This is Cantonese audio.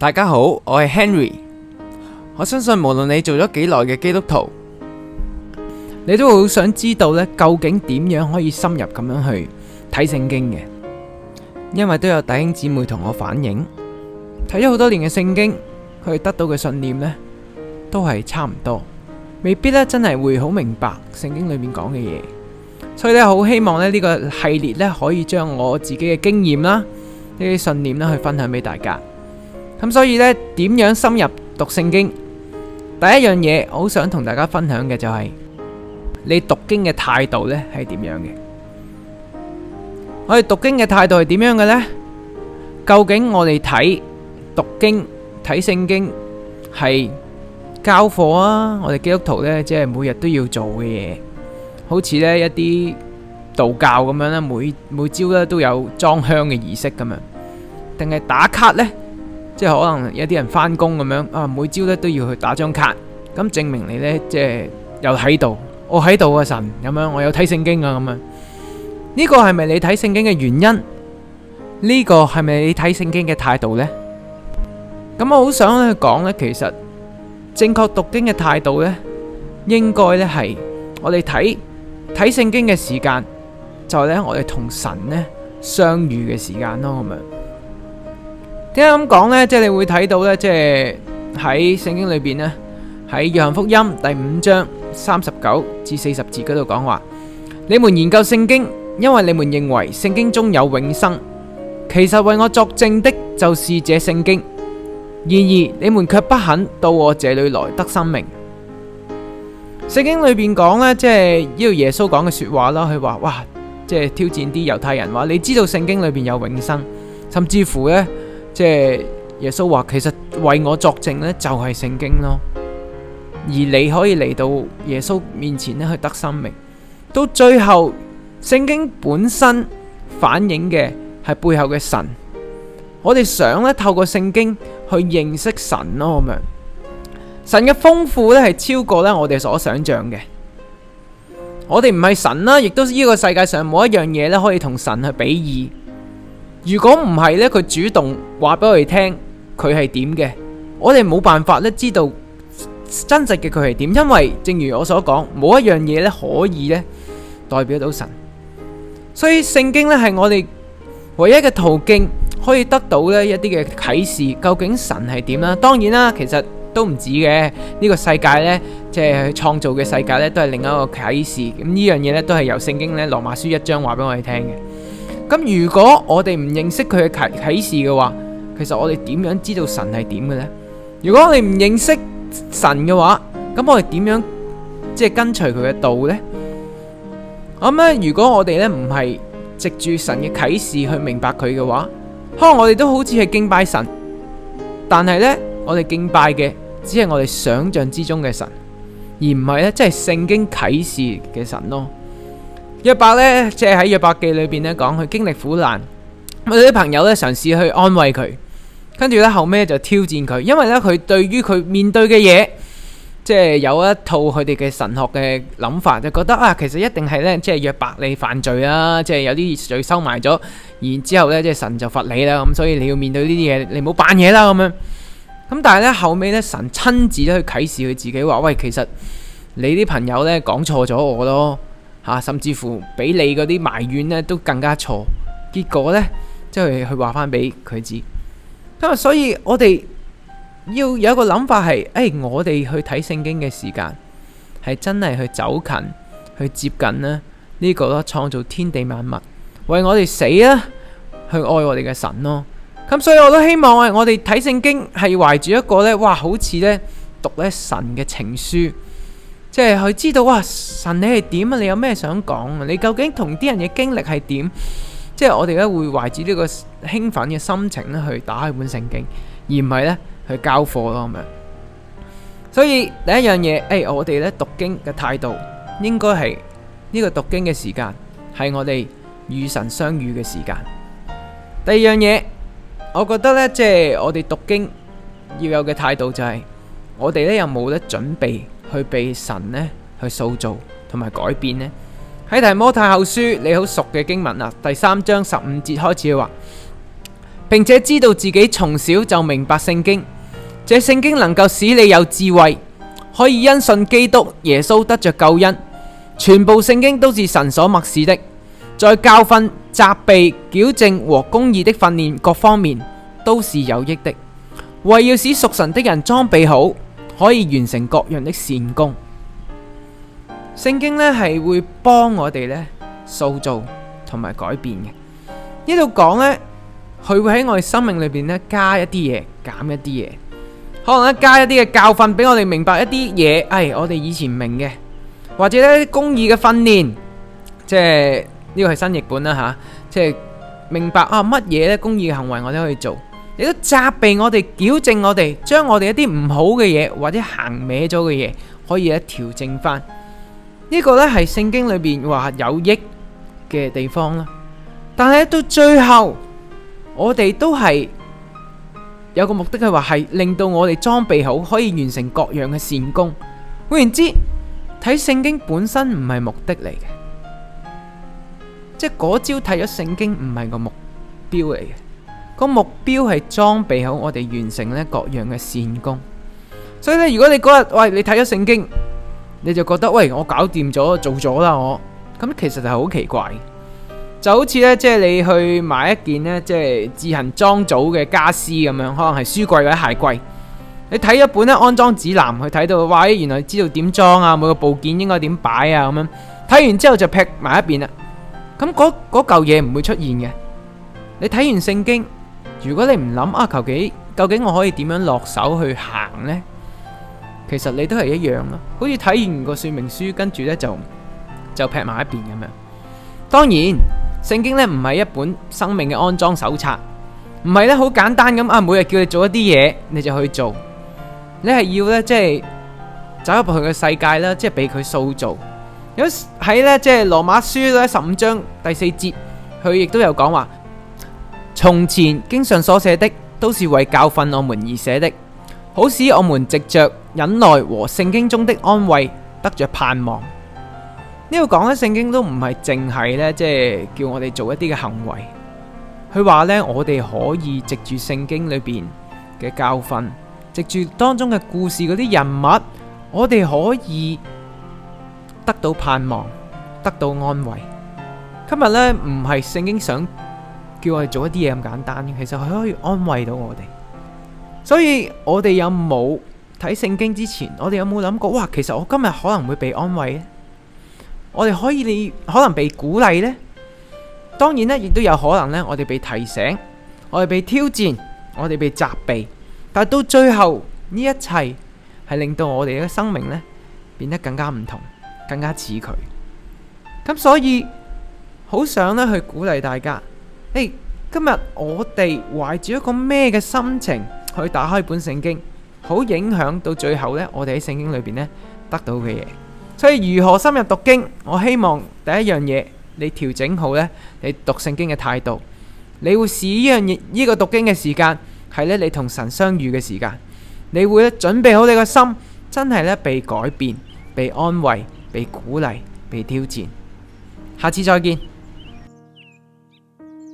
大家好，我係 Henry。我相信無論你做咗幾耐嘅基督徒，你都好想知道呢，究竟點樣可以深入咁樣去睇聖經嘅？因為都有弟兄姊妹同我反映，睇咗好多年嘅聖經，佢哋得到嘅信念呢都係差唔多，未必呢真係會好明白聖經裏面講嘅嘢，所以呢好希望呢呢個系列呢可以將我自己嘅經驗啦，呢啲信念呢去分享俾大家。咁所以咧，點樣深入讀聖經？第一樣嘢，我好想同大家分享嘅就係你讀經嘅態度咧，係點樣嘅？我哋讀經嘅態度係點樣嘅咧？究竟我哋睇讀經睇聖經係交貨啊？我哋基督徒咧，即係每日都要做嘅嘢，好似咧一啲道教咁樣咧，每每朝咧都有裝香嘅儀式咁樣，定係打卡咧？即係可能有啲人返工咁樣啊，每朝咧都要去打張卡，咁證明你咧即係有喺度，我喺度啊神咁樣，我有睇聖經啊咁樣，呢個係咪你睇聖經嘅原因？呢個係咪你睇聖經嘅態度咧？咁我好想咧去講咧，其實正確讀經嘅態度咧，應該咧係我哋睇睇聖經嘅時間，就係咧我哋同神咧相遇嘅時間咯咁樣。點解咁講呢？即係你會睇到呢，即係喺聖經裏邊呢，喺約翰福音第五章三十九至四十字嗰度講話，你們研究聖經，因為你們認為聖經中有永生，其實為我作證的就是這聖經，然而你們卻不肯到我這裏來得生命。聖經裏邊講呢，即係呢度耶穌講嘅說話啦，佢話：哇，即係挑戰啲猶太人話，你知道聖經裏邊有永生，甚至乎呢。即係耶穌話，其實為我作證呢就係聖經咯。而你可以嚟到耶穌面前咧，去得生命。到最後，聖經本身反映嘅係背後嘅神。我哋想咧，透過聖經去認識神咯，咁樣神嘅豐富呢係超過呢我哋所想象嘅。我哋唔係神啦，亦都呢個世界上冇一樣嘢咧，可以同神去比喻。如果唔係咧，佢主動話俾我哋聽佢係點嘅，我哋冇辦法咧知道真實嘅佢係點，因為正如我所講，冇一樣嘢咧可以咧代表到神，所以聖經咧係我哋唯一嘅途徑，可以得到咧一啲嘅啟示，究竟神係點啦。當然啦，其實都唔止嘅呢、呢個世界呢即係創造嘅世界呢都係另一個啟示。咁呢樣嘢呢都係由聖經呢羅馬書一章話俾我哋聽嘅。咁如果我哋唔認識佢嘅啟啟示嘅話，其實我哋點樣知道神係點嘅呢？如果我哋唔認識神嘅話，咁我哋點樣即係跟隨佢嘅道呢？咁咧，如果我哋咧唔係藉住神嘅啟示去明白佢嘅話，可能我哋都好似係敬拜神，但係呢，我哋敬拜嘅只係我哋想象之中嘅神，而唔係咧即係聖經啟示嘅神咯。約伯咧，即係喺約伯記裏邊咧講佢經歷苦難，我哋啲朋友咧嘗試去安慰佢，跟住咧後尾就挑戰佢，因為咧佢對於佢面對嘅嘢，即係有一套佢哋嘅神學嘅諗法，就覺得啊，其實一定係咧，即係約伯你犯罪啦，即係有啲罪收埋咗，然之後咧即係神就罰你啦，咁所以你要面對呢啲嘢，你唔好扮嘢啦咁樣。咁但係咧後尾咧神親自咧去啟示佢自己話喂，其實你啲朋友咧講錯咗我咯。啊，甚至乎比你嗰啲埋怨呢都更加錯，結果呢，即係去話翻俾佢知。咁啊，所以我哋要有一個諗法係，誒，我哋去睇聖經嘅時間係真係去走近、去接近呢呢個咯，創造天地萬物，為我哋死啦，去愛我哋嘅神咯。咁所以我都希望我哋睇聖經係懷住一個呢，哇，好似呢，讀呢神嘅情書。即係佢知道哇，神你係點啊？你有咩想講啊？你究竟同啲人嘅經歷係點？即係我哋咧會懷住呢個興奮嘅心情咧去打開本聖經，而唔係咧去交貨咯咁樣。所以第一樣嘢，誒，我哋咧讀經嘅態度應該係呢個讀經嘅時間係我哋與神相遇嘅時間。第二樣嘢，我覺得咧，即係我哋讀經要有嘅態度就係，我哋咧又冇得準備。去被神呢去塑造同埋改變呢？喺《提摩太後書》，你好熟嘅經文啦，第三章十五節開始話，並且知道自己從小就明白聖經，這聖經能夠使你有智慧，可以因信基督耶穌得着救恩。全部聖經都是神所默示的，在教訓、責備、矯正和公義的訓練各方面都是有益的，為要使屬神的人裝備好，可以完成各樣的善功，聖經呢係會幫我哋呢塑造同埋改變嘅。呢度講呢，佢會喺我哋生命裏邊呢加一啲嘢，減一啲嘢。可能呢加一啲嘅教訓，俾我哋明白一啲嘢。哎，我哋以前唔明嘅，或者呢啲公義嘅訓練，即係呢個係新譯本啦吓，即係明白啊乜嘢呢公義嘅行為我都可以做。你都責備我哋，矯正我哋，將我哋一啲唔好嘅嘢，或者行歪咗嘅嘢，可以一調整翻。呢個呢係聖經裏邊，話有益嘅地方啦。但係到最後，我哋都係有個目的，佢話係令到我哋裝備好，可以完成各樣嘅善功。換言之，睇聖經本身唔係目的嚟嘅，即係嗰朝睇咗聖經唔係個目標嚟嘅。個目標係裝備好我哋，完成咧各樣嘅善功。所以咧，如果你嗰日喂你睇咗聖經，你就覺得喂我搞掂咗做咗啦，我咁其實就好奇怪。就好似咧，即係你去買一件咧，即係自行裝組嘅家私咁樣，可能係書櫃或者鞋櫃。你睇一本咧安裝指南，去睇到哇，原來你知道點裝啊，每個部件應該點擺啊，咁樣睇完之後就劈埋一邊啦。咁嗰嗰嚿嘢唔會出現嘅。你睇完聖經。如果你唔諗啊，求其究竟我可以點樣落手去行呢？其實你都係一樣咯，好似睇完個說明書，跟住呢，就就劈埋一邊咁樣。當然，聖經呢唔係一本生命嘅安裝手冊，唔係咧好簡單咁啊，每日叫你做一啲嘢你就去做。你係要呢，即係走入去個世界啦，即係俾佢塑造。有喺呢，即係羅馬書咧十五章第四節，佢亦都有講話。從前經常所寫的都是為教訓我們而寫的，好使我們藉着忍耐和聖經中的安慰得着盼望。呢度講嘅聖經都唔係淨係呢，即係叫我哋做一啲嘅行為。佢話呢，我哋可以藉住聖經裏邊嘅教訓，藉住當中嘅故事嗰啲人物，我哋可以得到盼望，得到安慰。今日呢，唔係聖經想。叫我哋做一啲嘢咁簡單，其實佢可以安慰到我哋。所以我哋有冇睇聖經之前，我哋有冇諗過？哇，其實我今日可能會被安慰，我哋可以，你可能被鼓勵呢。當然呢，亦都有可能呢，我哋被提醒，我哋被挑戰，我哋被責備。但係到最後呢，一切係令到我哋嘅生命呢，變得更加唔同，更加似佢。咁所以好想呢去鼓勵大家。誒，今日我哋懷住一個咩嘅心情去打開本聖經，好影響到最後呢，我哋喺聖經裏邊呢得到嘅嘢。所以如何深入讀經，我希望第一樣嘢你調整好呢，你讀聖經嘅態度，你會視呢樣嘢、呢個讀經嘅時間係呢你同神相遇嘅時間，你會呢準備好你個心，真係呢被改變、被安慰、被鼓勵、被挑戰。下次再見。